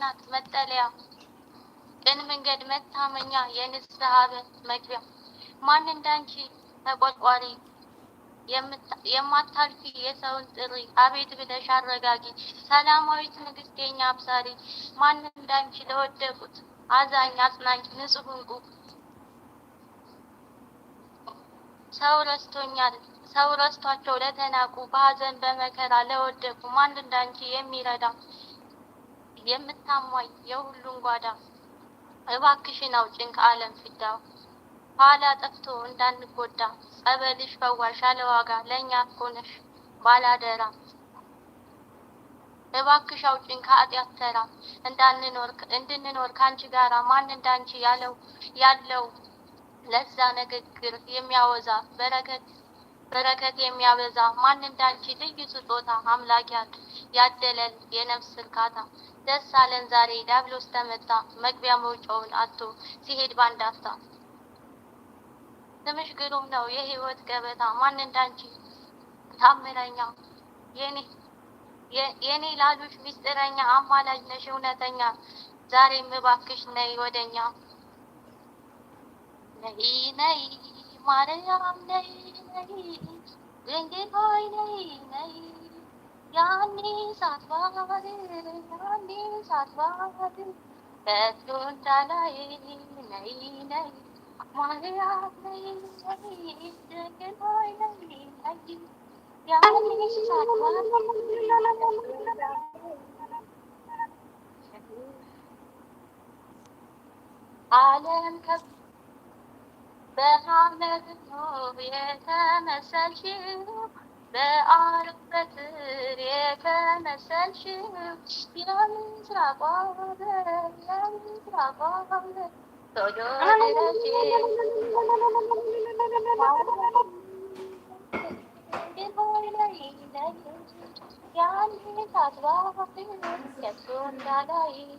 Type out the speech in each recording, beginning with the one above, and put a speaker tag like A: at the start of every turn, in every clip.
A: እናት መጠለያ፣ ቅን መንገድ መታመኛ፣ የንስሐ በር መግቢያ፣ ማን እንዳንቺ ተቆርቋሪ የማታልፊ የሰውን ጥሪ አቤት ብለሽ አረጋጊ፣ ሰላማዊት ንግስቴኛ አብሳሪ፣ ማን እንዳንቺ ለወደቁት አዛኝ አጽናኝ፣ ንጹህ እንቁ ሰው ረስቶኛል ሰው ረስቷቸው ለተናቁ በሀዘን በመከራ ለወደቁ ማን እንዳንቺ የሚረዳ የምታሟይ የሁሉን ጓዳ እባክሽን አውጭን ከዓለም ፍዳ ኋላ ጠፍቶ እንዳንጎዳ ጸበልሽ ፈዋሽ አለዋጋ ለእኛ ኮነሽ ባላደራ እባክሽ አውጭን ከአጢአት ተራ እንዳንኖር እንድንኖር ከአንቺ ጋራ ማን እንዳንቺ ያለው ያለው ለዛ ንግግር የሚያወዛ በረከት በረከት የሚያበዛ ማን እንዳንቺ ልዩ ስጦታ አምላክ ያደለን የነፍስ እርካታ ደስ አለን ዛሬ ዳብሎስ ተመታ መግቢያ መውጫውን አቶ ሲሄድ ባንዳፍታ ስምሽ ግሩም ነው የህይወት ገበታ ማን እንዳንቺ ታምረኛ የኔ ላሉሽ ሚስጥረኛ አማላጅ ነሽ እውነተኛ ዛሬ ምባክሽ ነይ ወደኛ ነይ ነይ മറയാം നൈ രംഗേ ഭായ് നൈ നൈ ഞാൻ നീ സാത്വാവത് ഞാൻ നീ സാത്വാവത് തത്വം തലൈ നൈ നൈ മറയാം നൈ നൈ രംഗേ ഭായ് നൈ നൈ ഞാൻ നീ സാത്വാവത് عالم كبير Beraber nur yetemesel şiir بعرفة ريك مسال شيب يا مزرعة بابا يا مزرعة بابا Yani tatlı bir kesun dalayı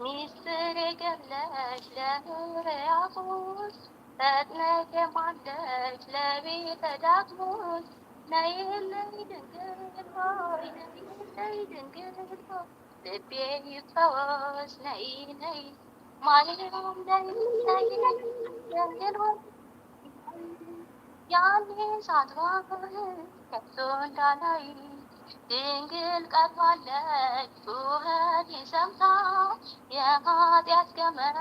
A: Misre göllekler yazmış Etne kemallekle bir tedakmış Neyin neydin gırgoy Neyin neydin gırgoy Tepeyi savaş ney ney, Malum ney, ney değil neyin neyin Yani sadvanı Kesun tanayın ድንግል ቀርባለች ጩኸት ይሰምታ የኃጢአት ገመድ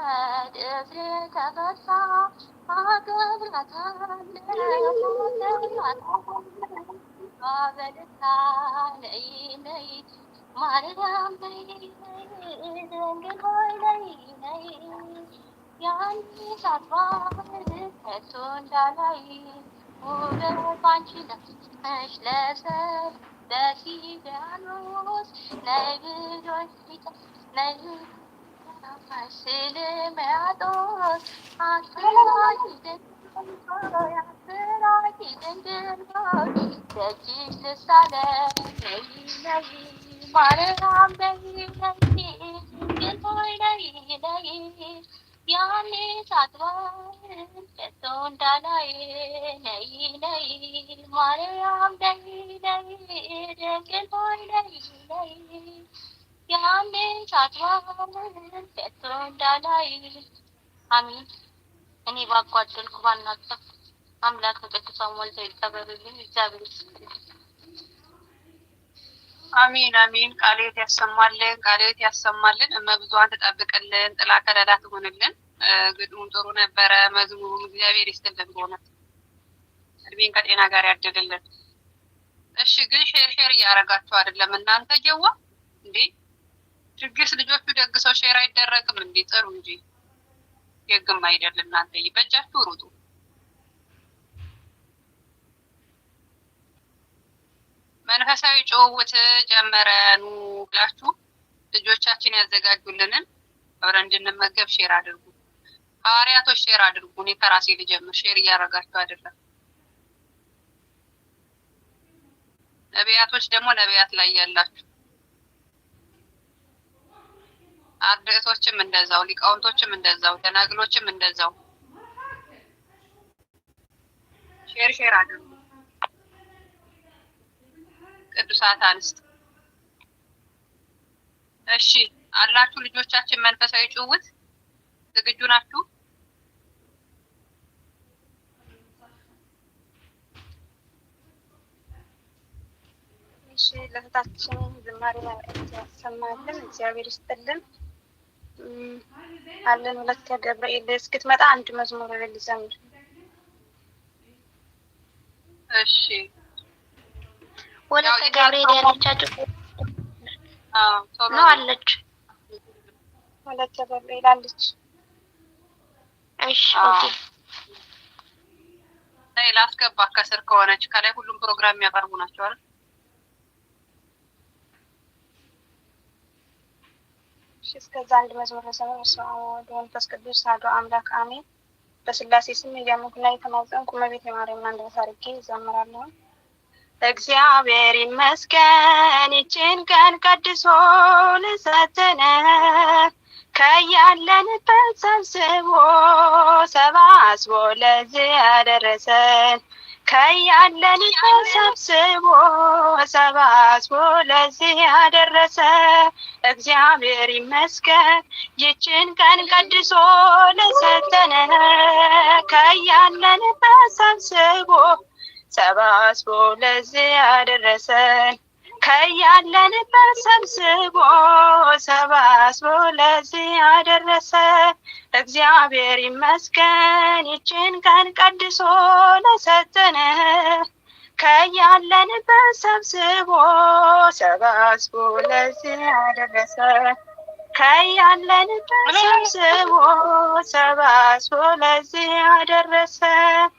A: እግሬ ተፈታ አገብራታለበልታ ነይ ነይ ማርያም ነይ ድንግል ሆይ ነይ ነይ ያንቺ ሳትባል ከቶ እንዳላይ ውበት ባንቺ ነሽ ለሰብ that he that was never joyful, never Silime ados, aşkına gidin, aşkına gidin diyor. Teçhizli sade, neyle Maram beyle, bir boyla ile, ज्ञाने सात्वा तोंडा नये नई नई मारे आम नई नई रंगे बोल नई नई ज्ञाने सात्वा तोंडा नई आम्ही आणि वाक्वाटल खूप आणणार आमला खगत समोर जाईल सगळं विचार አሜን አሜን። ቃልዎት ያሰማልን፣ ቃልዎት ያሰማልን። እመብዙኃን ትጠብቅልን፣ ጥላ ከለላ ትሆንልን። ግጥሙም ጥሩ ነበረ፣ መዝሙሩም እግዚአብሔር ይስጥልን። በሆነ እድሜን ከጤና ጋር ያደልልን እሺ ግን ሼር ሼር እያደረጋችሁ አይደለም እናንተ ጀዋ እንዴ? ድግስ ልጆቹ ደግሰው ሼር አይደረግም እንዴ? ጥሩ እንጂ የግም አይደል እናንተ፣ በእጃችሁ ሩጡ። መንፈሳዊ ጭውውት ኑ ብላችሁ ልጆቻችን ያዘጋጁልንን አብረን እንድንመገብ ሼር አድርጉ። ሐዋርያቶች ሼር አድርጉ። እኔ ከራሴ ልጀምር። ሼር እያደረጋችሁ አይደለም። ነቢያቶች ደግሞ ነቢያት ላይ ያላችሁ አርድእቶችም እንደዛው፣ ሊቃውንቶችም እንደዛው፣ ደናግሎችም እንደዛው ሼር ሼር አድርጉ። ቅዱሳት አንስት። እሺ አላችሁ ልጆቻችን፣ መንፈሳዊ ጭውውት ዝግጁ ናችሁ? እሺ ለእህታችን ዝማሬ ያሰማልን፣ እግዚአብሔር ይስጥልን። አለን ሁለት እስክት እስክትመጣ አንድ መዝሙር ልዘምር። እሺ ወለተ ገብርኤል ያለቻቸው ነው አለች። ወለተ ገብርኤል አለች። እሺ ላስገባ ከስር ከሆነች ከላይ ሁሉም ፕሮግራም የሚያቀርቡ ናቸው አይደል? እሺ እስከዛ አንድ መዝሙር ሰው መንፈስ ቅዱስ ሳዶ አምላክ አሜን። በስላሴ ስም እያመንኩና የተማጸንኩ እመቤቴ ማርያም አንድ ቦታ አድርጌ እግዚአብሔር ይመስገን ይችን ቀን ቀድሶ ልሰትነ ከያለንበት ሰብስቦ ሰባስቦ ለዚህ ያደረሰን ከያለንበት ሰብስቦ ሰባስቦ ለዚህ ያደረሰ እግዚአብሔር ይመስገን። ይችን ቀን ቀድሶ ለሰተነ ከያለንበት ሰብስቦ ሰባስቦ ለዚህ አደረሰን። ከያለንበት ሰብስቦ ሰባስቦ ለዚህ ያደረሰ እግዚአብሔር ይመስገን ይችን ቀን ቀድሶ ለሰጠነ ከያለንበት ሰብስቦ ሰባስቦ ለዚህ አደረሰን። ከያለንበት ሰብስቦ ሰባስቦ ለዚህ አደረሰን።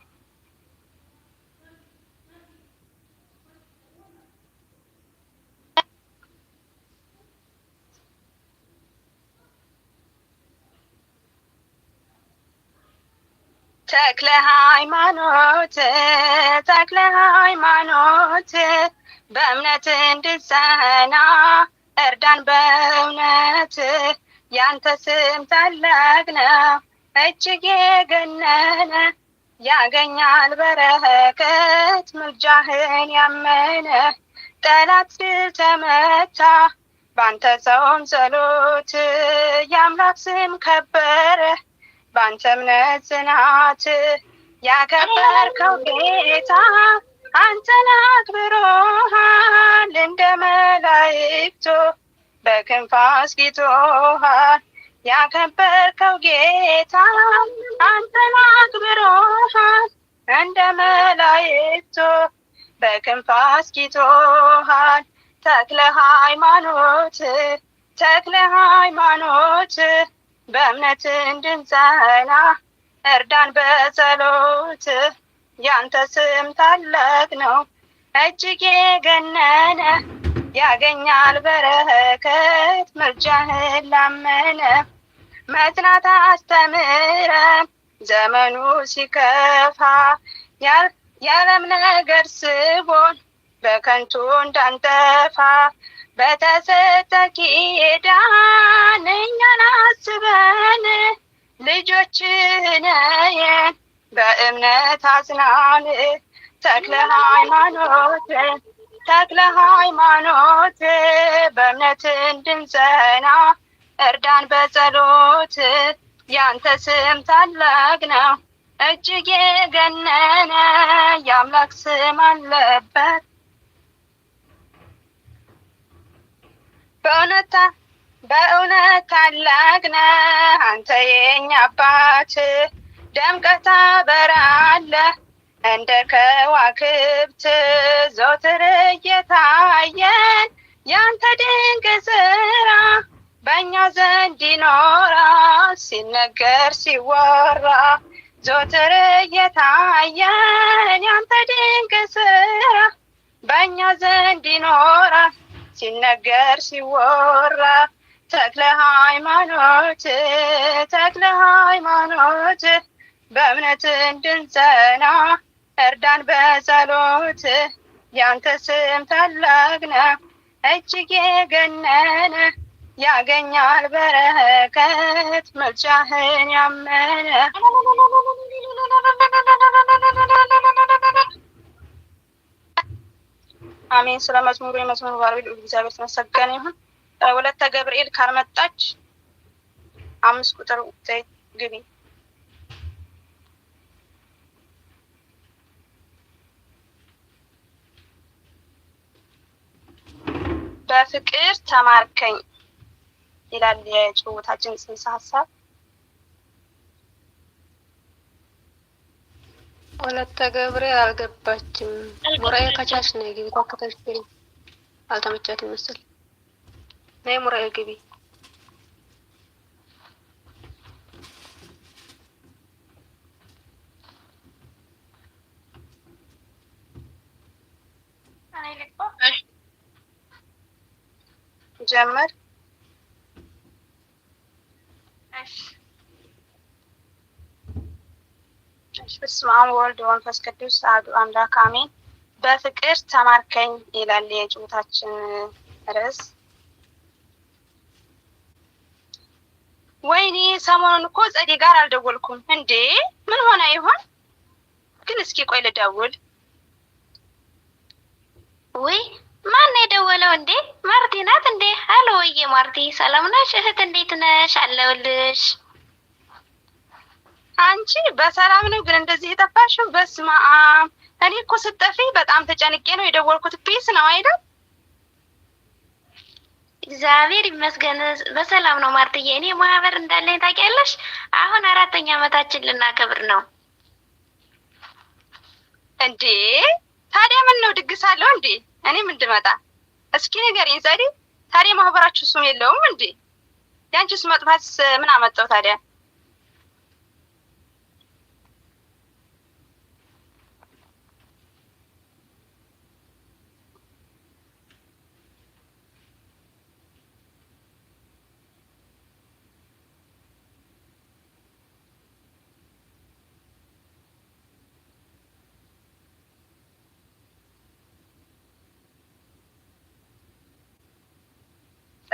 A: ተክለ ሃይማኖት ተክለ ሃይማኖት በእምነት እንድጸና እርዳን በእውነት ያንተ ስም ታላቅ ነው እጅግ የገነነ ያገኛል በረከት ምልጃህን ያመነ ጠላት ተመታ ባንተ ጸውም ጸሎት የአምላክ ስም ከበረ በአንተ እምነት ጽናት ያከበርከው ጌታ አንተን አክብሮሃል እንደ መላእክቶ በክንፍ አስጊጦሃል። ያከበርከው ጌታ አንተን አክብሮሃል እንደ መላእክቶ በክንፍ አስጊጦሃል። ተክለ ሃይማኖት ተክለ ሃይማኖት በእምነት እንድንጸና እርዳን በጸሎት ያንተ ስም ታላቅ ነው እጅግ የገነነ ያገኛል በረከት ምርጃህን ላመነ መጽናት አስተምረ ዘመኑ ሲከፋ ያለም ነገር ስቦን በከንቱ እንዳንጠፋ በተሰጠ ኪዳን እኛን አስበን ልጆችነየ በእምነት አጽናን። ተክለ ሃይማኖት ተክለ ሃይማኖት በእምነት እንድንጸና እርዳን በጸሎት ያንተ ስም ታላቅ ነው እጅግ የገነነ የአምላክ ስም አለበት በእውነታ በእውነት ታላቅ ነህ አንተ የኛ አባት ደምቀታ በራለ እንደ ከዋክብት ዞትር እየታየን ያንተ ድንቅ ስራ በእኛ ዘንድ ይኖራ ሲነገር ሲወራ ዞትር እየታየን ያንተ ድንቅ ስራ በእኛ ዘንድ ይኖራ ሲነገር ሲወራ ተክለ ሃይማኖት ተክለ ሃይማኖት በእምነት እንድንጸና እርዳን በጸሎት ያንተ ስም ታላቅ ነው እጅግ የገነነ ያገኛል በረከት መልጫህን ያመነ አሜን። ስለ መዝሙሩ የመዝሙሩ ባለቤት እግዚአብሔር ተመሰገነ ይሁን። ወለተ ገብርኤል ካልመጣች አምስት ቁጥር ግቢ በፍቅር ተማርከኝ ይላል የጭውታችን ጽንሰ ሀሳብ። ወለተ ገብሬ አልገባችም። ሙራዬ ከቻች ነው ግቢ። ታከታች አልተመቻት ይመስል ነይ ሙራዬ ግቢ። ጀመር በስመ አብ ወወልድ ወመንፈስ ቅዱስ አሐዱ አምላክ አሜን። በፍቅር ተማርከኝ ይላል የጭውታችን ርዕስ። ወይኔ ሰሞኑን እኮ ጸዴ ጋር አልደወልኩም እንዴ! ምን ሆነ ይሆን ግን? እስኪ ቆይ ልደውል። ውይ ማን የደወለው እንዴ? ማርቲ ናት እንዴ? አለ ወዬ ማርቲ፣ ሰላም ነሽ እህት? እንዴት ነሽ? አለሁልሽ አንቺ በሰላም ነው ግን እንደዚህ የጠፋሽው? በስመ አብ! እኔ እኮ ስጠፊ በጣም ተጨንቄ ነው የደወልኩት። ፒስ ነው አይደል? እግዚአብሔር ይመስገን በሰላም ነው ማርትዬ። እኔ ማህበር እንዳለኝ ታውቂያለሽ። አሁን አራተኛ አመታችን ልናከብር ነው። እንዴ ታዲያ ምን ነው ድግስ አለው እንዴ? እኔም እንድመጣ እስኪ ንገሪኝ ጸዴ። ታዲያ ማህበራችሁ ስም የለውም እንዴ? የአንቺስ መጥፋት ምን አመጣው ታዲያ?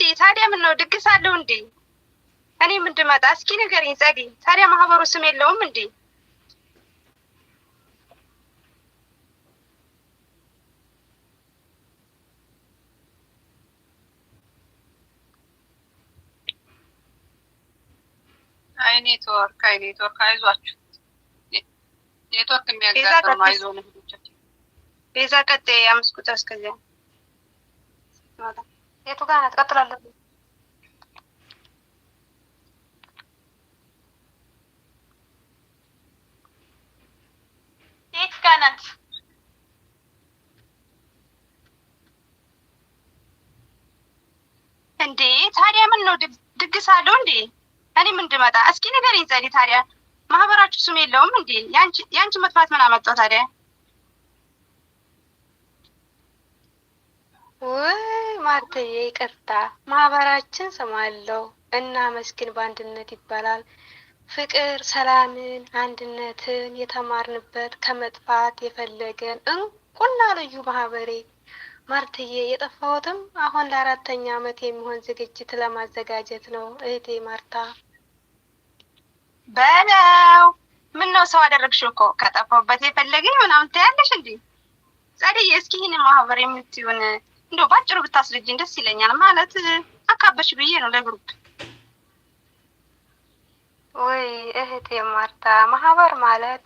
A: ጸዴ ታዲያ ምን ነው ድግስ አለው እንዴ? እኔ ምንድመጣ እስኪ ንገሪኝ ጸዴ። ታዲያ ማህበሩ ስም የለውም እንዴ? አይ ኔትወርክ፣ አይ ኔትወርክ፣ አይዟችሁ ኔትወርክ የሚያጋጥም አይዞ ቤዛ ቀጤ አምስት ቁጥር እስከዚያ የቱ ጋር ናት? ቀጥላለሁ። የቱ ጋር እንዴ ታዲያ ምን ነው ድግስ አለው እንዴ? እኔ ምን እንድመጣ እስኪ ንገሪኝ ፀዴ። ታዲያ ማህበራችሁ ስም የለውም እንዴ? የአንቺ መጥፋት ምን አመጣው ታዲያ? ማርትዬ ይቅርታ ማህበራችን ስማለሁ እና መስኪን በአንድነት ይባላል። ፍቅር ሰላምን፣ አንድነትን የተማርንበት ከመጥፋት የፈለገን እንቁና ልዩ ማህበሬ ማርትዬ የጠፋሁትም አሁን ለአራተኛ ዓመት የሚሆን ዝግጅት ለማዘጋጀት ነው። እህቴ ማርታ በለው ምን ነው ሰው አደረግሽ እኮ ከጠፋሁበት የፈለገኝ ምናምን ትያለሽ እንዴ? ጸደዬ እስኪ ይህን ማህበር የምትሆን እንደው ባጭሩ ብታስረጅኝ ደስ ይለኛል። ማለት አካበሽ ብዬ ነው ለግሩፕ። ወይ እህቴ ማርታ፣ ማህበር ማለት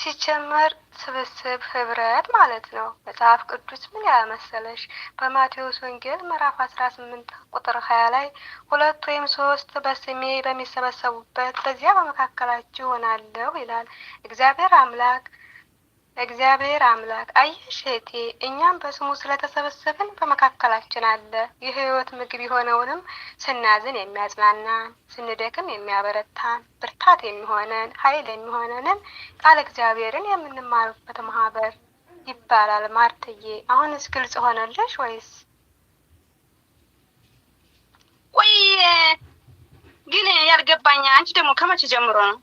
A: ሲጀመር ስብስብ ህብረት ማለት ነው። መጽሐፍ ቅዱስ ምን ያመሰለሽ በማቴዎስ ወንጌል ምዕራፍ አስራ ስምንት ቁጥር ሀያ ላይ ሁለት ወይም ሶስት በስሜ በሚሰበሰቡበት በዚያ በመካከላችሁ እሆናለሁ ይላል እግዚአብሔር አምላክ። እግዚአብሔር አምላክ አየሽ እህቴ፣ እኛም በስሙ ስለተሰበሰብን በመካከላችን አለ። የህይወት ምግብ የሆነውንም ስናዝን የሚያጽናናን፣ ስንደክም የሚያበረታን፣ ብርታት የሚሆነን፣ ኃይል የሚሆነንን ቃል እግዚአብሔርን የምንማርበት ማህበር ይባላል። ማርትዬ፣ አሁንስ ግልጽ ሆነልሽ ወይስ? ቆይ ግን ያልገባኝ አንቺ ደግሞ ከመቼ ጀምሮ ነው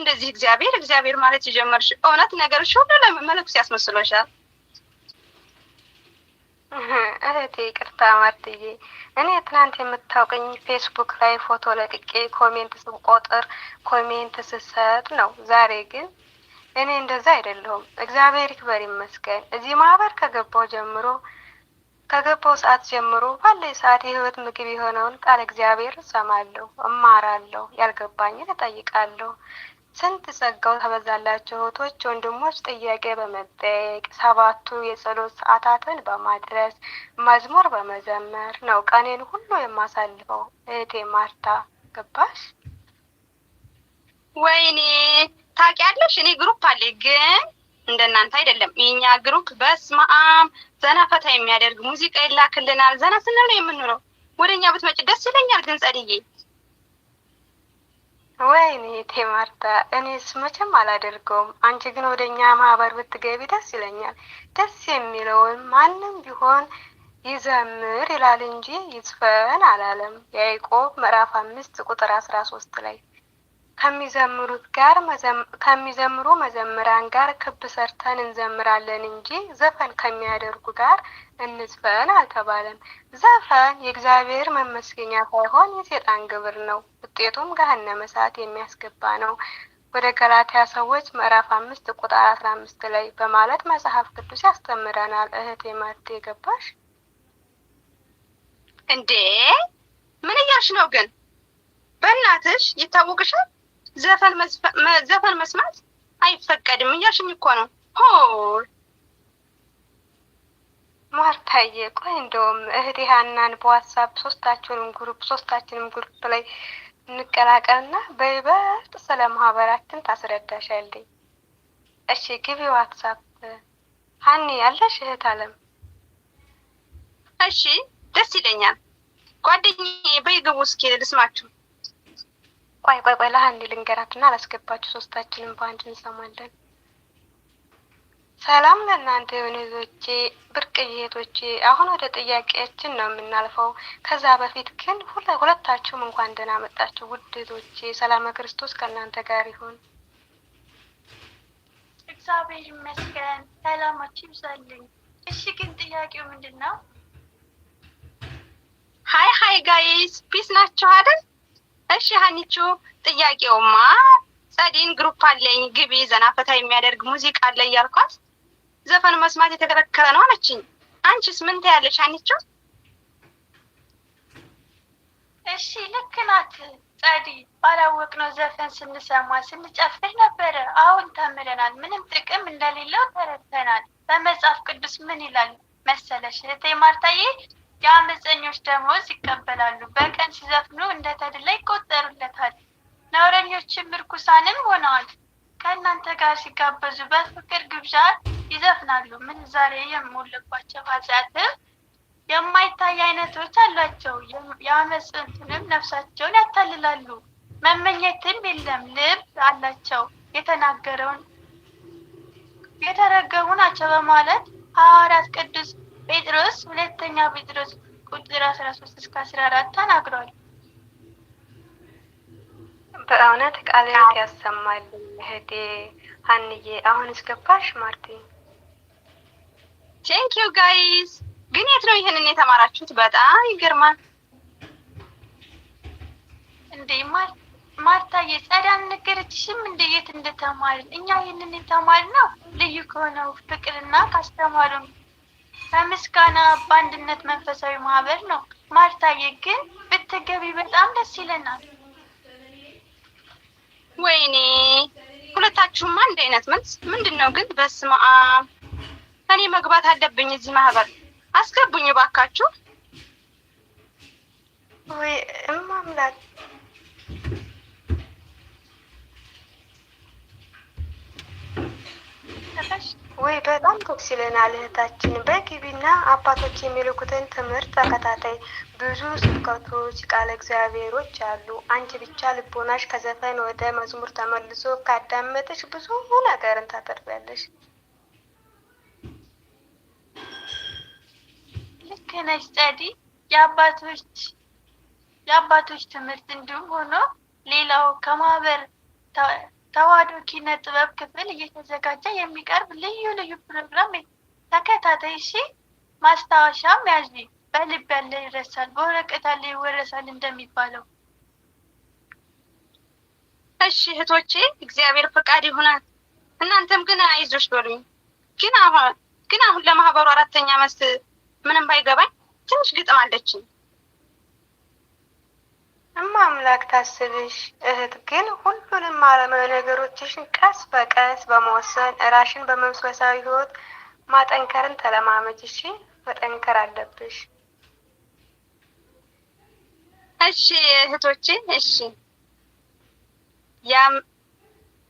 A: እንደዚህ እግዚአብሔር እግዚአብሔር ማለት የጀመርሽ እውነት ነገሮች ሁሉ ለመለኮስ ያስመስሎሻል። እህቴ ይቅርታ ማርትዬ፣ እኔ ትናንት የምታውቀኝ ፌስቡክ ላይ ፎቶ ለቅቄ ኮሜንት ስቆጥር ኮሜንት ስሰጥ ነው። ዛሬ ግን እኔ እንደዛ አይደለሁም። እግዚአብሔር ይክበር ይመስገን። እዚህ ማህበር ከገባው ጀምሮ ከገባው ሰዓት ጀምሮ ባለ ሰዓት የህይወት ምግብ የሆነውን ቃል እግዚአብሔር እሰማለሁ፣ እማራለሁ፣ ያልገባኝን እጠይቃለሁ። ስንት ጸጋው ተበዛላቸው እህቶች ወንድሞች ጥያቄ በመጠየቅ ሰባቱ የጸሎት ሰዓታትን በማድረስ መዝሙር በመዘመር ነው ቀኔን ሁሉ የማሳልፈው። እህቴ ማርታ ገባሽ? ወይኔ ታውቂያለሽ፣ እኔ ግሩፕ አለ ግን እንደናንተ አይደለም። የኛ ግሩፕ በስማም ዘና ፈታ የሚያደርግ ሙዚቃ ይላክልናል። ዘና ስንል ነው የምንውለው። ወደኛ ብትመጭ ደስ ይለኛል ግን ጸድዬ ወይኔ ቴማርታ፣ እኔስ መቼም አላደርገውም። አንቺ ግን ወደ እኛ ማህበር ብትገቢ ደስ ይለኛል። ደስ የሚለውን ማንም ቢሆን ይዘምር ይላል እንጂ ይዝፈን አላለም። ያዕቆብ ምዕራፍ አምስት ቁጥር አስራ ሶስት ላይ ከሚዘምሩት ጋር ከሚዘምሩ መዘምራን ጋር ክብ ሰርተን እንዘምራለን እንጂ ዘፈን ከሚያደርጉ ጋር እንዝፈን አልተባለም። ዘፈን የእግዚአብሔር መመስገኛ ሳይሆን የሴጣን ግብር ነው። ውጤቱም ገሃነመ እሳት የሚያስገባ ነው። ወደ ገላትያ ሰዎች ምዕራፍ አምስት ቁጥር አስራ አምስት ላይ በማለት መጽሐፍ ቅዱስ ያስተምረናል። እህቴ ማርቴ የገባሽ እንዴ? ምን እያልሽ ነው ግን? በእናትሽ ይታወቅሻል። ዘፈን መስማት አይፈቀድም እያልሽኝ እኮ ነው ሆ ማርታዬ ቆይ እንደውም እህቴ ሀናን በዋትሳፕ ሶስታችሁንም ግሩፕ ሶስታችንም ግሩፕ ላይ እንቀላቀልና በይበልጥ ስለ ማህበራችን ታስረዳሻለኝ። እሺ ግቢ ዋትሳፕ። ሀኒ ያለሽ እህት አለም። እሺ ደስ ይለኛል። ጓደኝ በይግቡ እስኪ ልስማችሁ። ቆይ ቆይ ቆይ ለሀኒ ልንገራትና አላስገባችሁ ሶስታችንም በአንድ እንሰማለን። ሰላም ለእናንተ ወንዞቼ ብርቅዬቶቼ፣ አሁን ወደ ጥያቄያችን ነው የምናልፈው። ከዛ በፊት ግን ሁለታችሁም እንኳን ደህና መጣችሁ ውድቶቼ። ሰላም ክርስቶስ ከእናንተ ጋር ይሁን። እግዚአብሔር ይመስገን፣ ሰላማችሁ ይብዛልኝ። እሺ፣ ግን ጥያቄው ምንድን ነው? ሀይ ሀይ ጋይስ ፒስ ናቸው አይደል? እሺ ሀኒቹ፣ ጥያቄውማ ጸዲን ግሩፕ አለኝ ግቢ ዘናፈታ የሚያደርግ ሙዚቃ አለ እያልኳት ዘፈን መስማት የተከለከለ ነው አለችኝ። አንቺስ ምን ታያለሽ? አንቺው እሺ ልክ ናት ጸዲ። ነው ዘፈን ስንሰማ ስንጨፍር ነበረ። አሁን ተምረናል። ምንም ጥቅም እንደሌለው ተረድተናል። በመጽሐፍ ቅዱስ ምን ይላል መሰለሽ እህቴ ማርታዬ? የአመፀኞች ደሞዝ ይቀበላሉ፣ በቀን ሲዘፍኑ እንደተድላ ይቆጠሩለታል። ነውረኞችም ርኩሳንም ሆነዋል። ከእናንተ ጋር ሲጋበዙ በፍቅር ግብዣ ይዘፍናሉ። ምን ዛሬ የሞለባቸው ሀጢያት የማይታይ አይነቶች አላቸው። የአመፅንትንም ነፍሳቸውን ያታልላሉ። መመኘትም የለም ልብ አላቸው። የተናገረውን የተረገሙ ናቸው በማለት ሐዋርያት ቅዱስ ጴጥሮስ ሁለተኛ ጴጥሮስ ቁጥር አስራ ሶስት እስከ አስራ አራት ተናግሯል። በእውነት ቃልት ያሰማል እህቴ ሀንዬ። አሁን እስገባሽ ማርቲን ቴንክ ዩ ጋይዝ። ግን የት ነው ይህንን የተማራችሁት? በጣም ይገርማል። እንዴ ማርታ የጸዳ ነገረችሽም እንደ የት እንደተማርን እኛ ይህንን ነው? ልዩ ከሆነው ፍቅርና ካስተማሩም በምስጋና በአንድነት መንፈሳዊ ማህበር ነው። ማርታዬ ግን ብትገቢ በጣም ደስ ይለናል። ወይኔ ሁለታችሁማ አንድ አይነት መልስ ምንድን ነው ግን በስመ አብ እኔ መግባት አለብኝ እዚህ ማህበር። አስገቡኝ ባካችሁ። ወይ እማምላት ወይ በጣም ቶክስ ይለናል እህታችን። በግቢና አባቶች የሚልኩትን ትምህርት ተከታታይ ብዙ ስብከቶች፣ ቃለ እግዚአብሔሮች አሉ። አንቺ ብቻ ልቦናሽ ከዘፈን ወደ መዝሙር ተመልሶ ካዳመጠች ብዙ ነገርን ታተርፊያለሽ። ልክ ነሽ ጸዲ። የአባቶች የአባቶች ትምህርት እንዲሁም ሆኖ ሌላው ከማህበር ተዋህዶ ኪነ ጥበብ ክፍል እየተዘጋጀ የሚቀርብ ልዩ ልዩ ፕሮግራም ተከታታይ ሺ ማስታወሻም ያዥ። በልብ ያለ ይረሳል፣ በወረቀት ያለ ይወረሳል እንደሚባለው። እሺ እህቶቼ፣ እግዚአብሔር ፈቃድ ይሆናል። እናንተም ግን አይዞሽ በሉኝ። ግን አሁን ግን አሁን ለማህበሩ አራተኛ መስ ምንም ባይገባኝ ትንሽ ግጥም አለችኝ። እማ አምላክ ታስብሽ እህት፣ ግን ሁሉንም ነገሮችሽን ቀስ በቀስ በመወሰን እራሽን በመንፈሳዊ ህይወት ማጠንከርን ተለማመጅ። እሺ፣ መጠንከር አለብሽ። እሺ እህቶቼ፣ እሺ።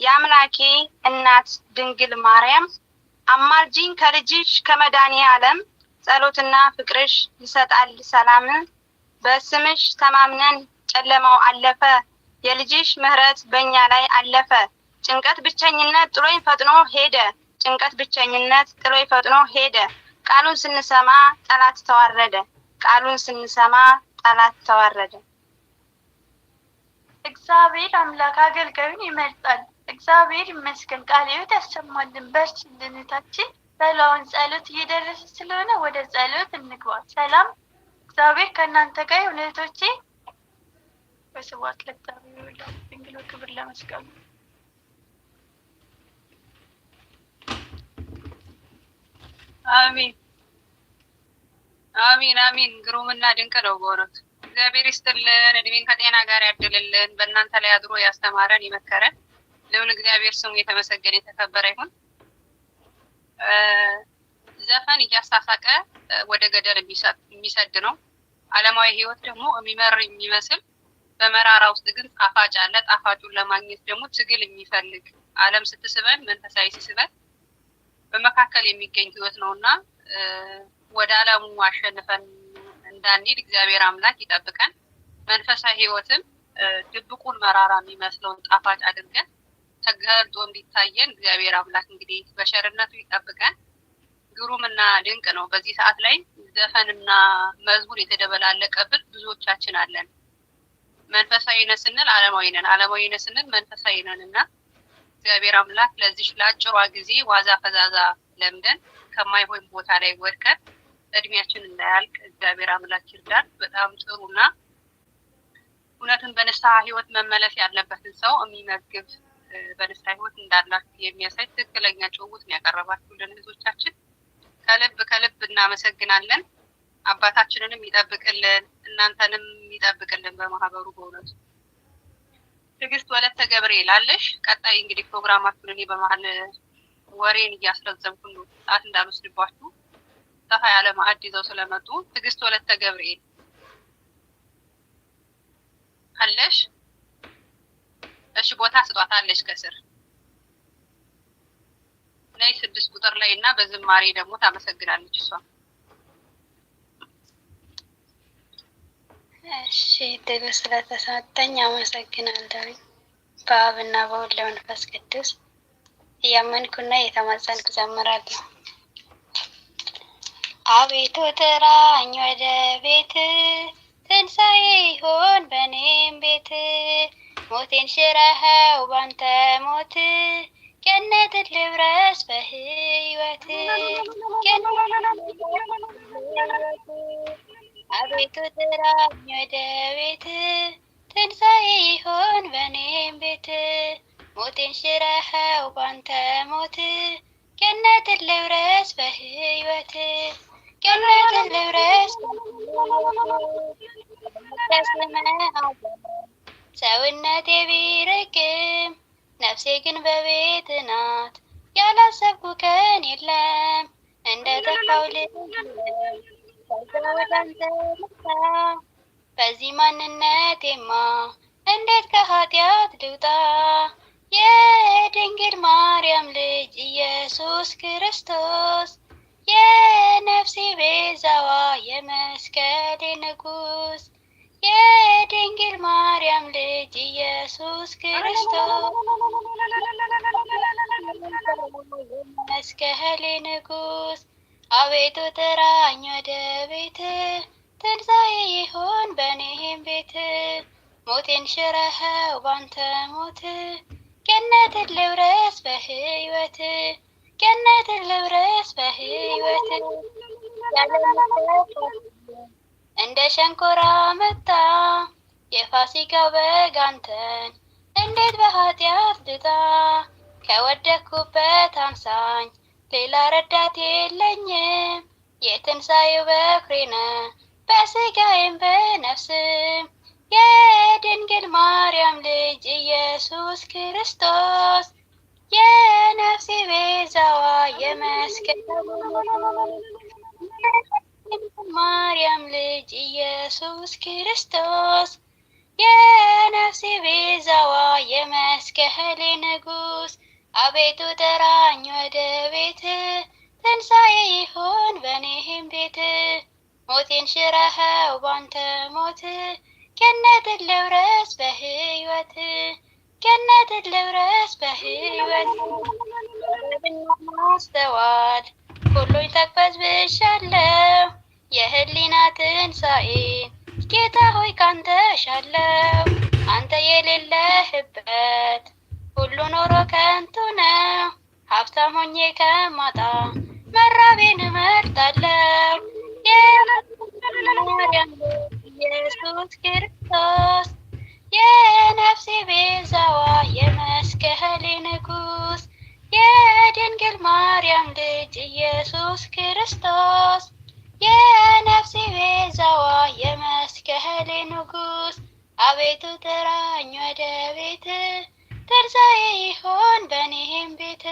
A: የአምላኬ እናት ድንግል ማርያም አማልጅኝ ከልጅሽ ከመዳኒ አለም። ጸሎትና ፍቅርሽ ይሰጣል ሰላም። በስምሽ ተማምነን ጨለማው አለፈ፣ የልጅሽ ምህረት በእኛ ላይ አለፈ። ጭንቀት ብቸኝነት ጥሎኝ ፈጥኖ ሄደ፣ ጭንቀት ብቸኝነት ጥሎኝ ፈጥኖ ሄደ። ቃሉን ስንሰማ ጠላት ተዋረደ፣ ቃሉን ስንሰማ ጠላት ተዋረደ። እግዚአብሔር አምላክ አገልጋዩን ይመርጣል። እግዚአብሔር ይመስገን፣ ቃለ ያሰማልን። በርች ድህነታችን በላውን ጸሎት እየደረሰ ስለሆነ ወደ ጸሎት እንግባ። ሰላም እግዚአብሔር ከእናንተ ጋር ይሁን እህቶቼ። በስብሐት ለእግዚአብሔር ክብር ለመስቀሉ። አሚን አሚን አሚን። ግሩምና ድንቅ ነው በእውነቱ። እግዚአብሔር ይስጥልን፣ እድሜን ከጤና ጋር ያድልልን። በእናንተ ላይ አድሮ ያስተማረን ይመከረን ልዑል እግዚአብሔር ስሙ የተመሰገነ የተከበረ ይሁን። ዘፈን እያሳሳቀ ወደ ገደል የሚሰድ ነው። አለማዊ ህይወት ደግሞ የሚመር የሚመስል በመራራ ውስጥ ግን ጣፋጭ አለ። ጣፋጩን ለማግኘት ደግሞ ትግል የሚፈልግ አለም ስትስበን መንፈሳዊ ሲስበን በመካከል የሚገኝ ህይወት ነው እና ወደ አለሙ አሸንፈን እንዳንሄድ እግዚአብሔር አምላክ ይጠብቀን። መንፈሳዊ ህይወትም ድብቁን መራራ የሚመስለውን ጣፋጭ አድርገን ተገልጦ እንዲታየን እግዚአብሔር አምላክ እንግዲህ በሸርነቱ ይጠብቀን። ግሩምና ድንቅ ነው። በዚህ ሰዓት ላይ ዘፈንና መዝሙር የተደበላለቀብን ብዙዎቻችን አለን። መንፈሳዊ ነን ስንል ዓለማዊ ነን፣ ዓለማዊ ነን ስንል መንፈሳዊ ነን እና እግዚአብሔር አምላክ ለዚህ ለአጭሯ ጊዜ ዋዛ ፈዛዛ ለምደን ከማይሆን ቦታ ላይ ወድቀን እድሜያችን እንዳያልቅ እግዚአብሔር አምላክ ይርዳን። በጣም ጥሩና እውነትን በንስሐ ህይወት መመለስ ያለበትን ሰው የሚመግብ በንስሐ ህይወት እንዳላችሁ የሚያሳይ ትክክለኛ ጭውውት ነው ያቀረባችሁልን። እህቶቻችን ከልብ ከልብ እናመሰግናለን። አባታችንንም ይጠብቅልን፣ እናንተንም ይጠብቅልን። በማህበሩ በእውነቱ ትግስት ወለተ ገብርኤል አለሽ። ቀጣይ እንግዲህ ፕሮግራማችሁን እኔ በመሀል ወሬን እያስረዘምኩ ሰዓት እንዳመስድባችሁ ሰፋ ያለ ማዕድ ይዘው ስለመጡ ትግስት ወለተ ገብርኤል አለሽ። እሺ ቦታ ስጧት ከስር ላይ ስድስት ቁጥር ላይ እና በዝማሬ ደግሞ ታመሰግናለች እሷ። እሺ ድሉ ስለተሰጠኝ አመሰግናለሁ። በአብና በወልድ ለመንፈስ ቅዱስ እያመንኩና እየተማጸንኩ ዘምራለሁ። አቤቱ ጥራኝ ወደ ቤት ትንሣኤ ይሆን በእኔም ቤት ሞቴን ሽረኸው ባንተ ሞት ገነት ልብረስ በህይወት አቤቱ ጥራኝ ወደ ቤት ትንሣኤ ይሆን በኔም ቤት ሞቴን ሽረኸው ባንተ ሞት ገነት ልብረስ በህይወት ገነት ልብረስ ሰውነቴ ቢርቅም ነፍሴ ግን በቤት ናት። ያላሰብኩ ቀን የለም እንደ ጠፋው ልወዳንተ በዚህ ማንነቴማ እንዴት ከኃጢአት ልውጣ? የድንግል ማርያም ልጅ ኢየሱስ ክርስቶስ የነፍሴ ቤዛዋ የመስቀሌ ንጉስ የድንግል ማርያም ልጅ ኢየሱስ ክርስቶስ መስከህል ንጉሥ አቤቱ ጥራኝ ወደ ቤት ትንሣኤ ይሆን በኔህም ቤት ሞቴን ሽረኸው ባንተ ሞት ገነትን ልውረስ በህይወት ገነትን ልውረስ በህይወት ያለ እንደ ሸንኮራ መጣ የፋሲካ በጋንተን እንዴት በኃጢአት ልጣ ከወደኩበት አንሳኝ ሌላ ረዳት የለኝም። የትንሣኤው በኩሬ ነህ በስጋዬም በነፍስም የድንግል ማርያም ልጅ ኢየሱስ ክርስቶስ የነፍሴ ቤዛዋ የመስቀል ማርያም ልጅ ኢየሱስ ክርስቶስ የነፍሴ ቤዛዋ የመስቀሌ ንጉስ አቤቱ ጥራኝ ወደ ቤት ትንሣኤ ይሆን በእኔም ቤት ሞቴን ሽረኸው ባንተ ሞት ገነትን ልውረስ በሕይወት ገነትን ልውረስ በሕይወት ማስተዋል ሁሉኝ ተቅበዝብሻለሁ ትንሣኤ ጌታ ሆይ ካንተ ሻለው አንተ የሌለህበት ሁሉ ኖሮ ከንቱ ነው። ሀብታም ሆኜ ከማጣ መራቤን እመርጣለሁ። የማርያም ኢየሱስ ክርስቶስ የነፍሴ ቤዛዋ የመስቀሌ ንጉስ የድንግል ማርያም ልጅ ኢየሱስ ክርስቶስ የነፍሴ ቤዛዋ የመስቀል ንጉስ አቤቱ ጥራኝ ወደ ቤት ትርሳኤ ይሆን በእኔም ቤት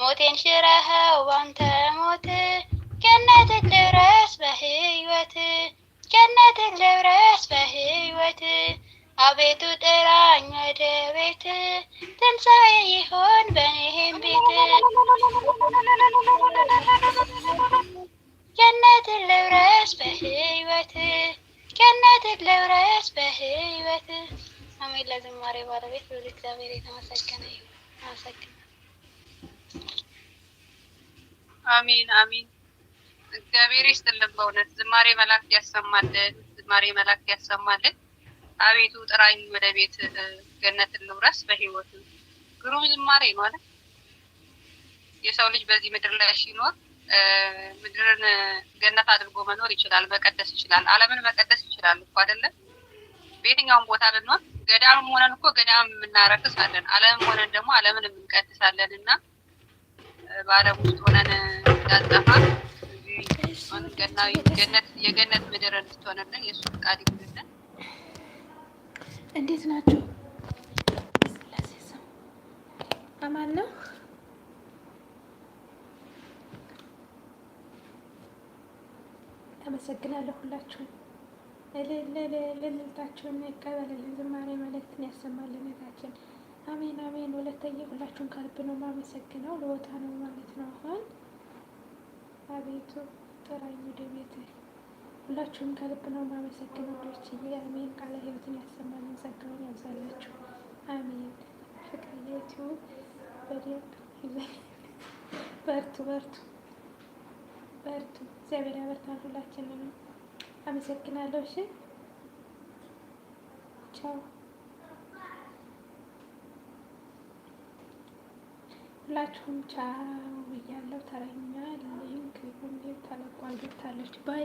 A: ሞቴን ሽረኸው ባንተ ሞት ገነትህ ልብረስ በህይወት ገነትህ ልብረስ በህይወት አቤቱ ጥራኝ ወደ ቤት ትንሣኤ ይሆን በእኔም ቤት ገነትን ልውረስ በህይወት ገነትን ልውረስ በህይወት። አሜን። ለዝማሬ ባለቤት ሁሉ እግዚአብሔር የተመሰገነ ይሁን። አሜን እግዚአብሔር ይስጥልን በእውነት ዝማሬ መላእክት ያሰማልን። ዝማሬ መላእክት ያሰማልን። አቤቱ ጥራኝ ወደ ቤት ገነትን ልውረስ በህይወት። ግሩም ዝማሬ ማለት የሰው ልጅ በዚህ ምድር ላይ ሲኖር ምድርን ገነት አድርጎ መኖር ይችላል፣ መቀደስ ይችላል፣ ዓለምን መቀደስ ይችላል እኮ አይደለም። በየትኛውም ቦታ ብንሆን ገዳም ሆነን እኮ ገዳም የምናረክሳለን፣ ዓለም ሆነን ደግሞ ዓለምን የምንቀድሳለን እና በዓለም ውስጥ ሆነን እንዳንጠፋ ገነት የገነት ምድር እንድትሆንልን የእሱ ፍቃድ ይሁንልን። እንዴት ናቸው? አማን ነው። አመሰግናለሁ ሁላችሁም። እልልታችሁን ይቀበልልን፣ ዝማሬ መልእክትን ያሰማልን እህታችን። አሜን አሜን። ሁለተኛ ሁላችሁን ከልብ ነው ማመሰግነው። ለቦታ ነው ማለት ነው አሁን። አቤቱ ጥራኝ ወደ ቤት። ሁላችሁም ከልብ ነው ማመሰግነው ዶችዬ። አሜን። ቃለ ህይወትን ያሰማልን፣ ጸጋውን ያብዛላችሁ። አሜን። ፍቅር ዩቲዩብ በደንብ በርቱ በርቱ በርቱ። እግዚአብሔር ያበርታን ሁላችንን። አመሰግናለሁ። እሺ፣ ቻው። ሁላችሁም ቻው እያለው ተረኛ ልኝ ክሪኮን ተለቋል። ባይ